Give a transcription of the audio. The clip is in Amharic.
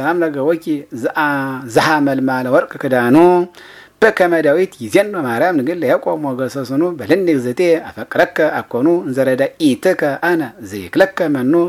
ሰላም ለገወኪ ዝሃ መልማለ ወርቅ ክዳኑ በከመ ዳዊት ይዜን ማርያም ንግል ያቆም ወገሰስኑ በልኒ ግዝቴ አፈቅረከ አኮኑ እንዘረዳ ኢትከ አነ ዘይክለከ መኑ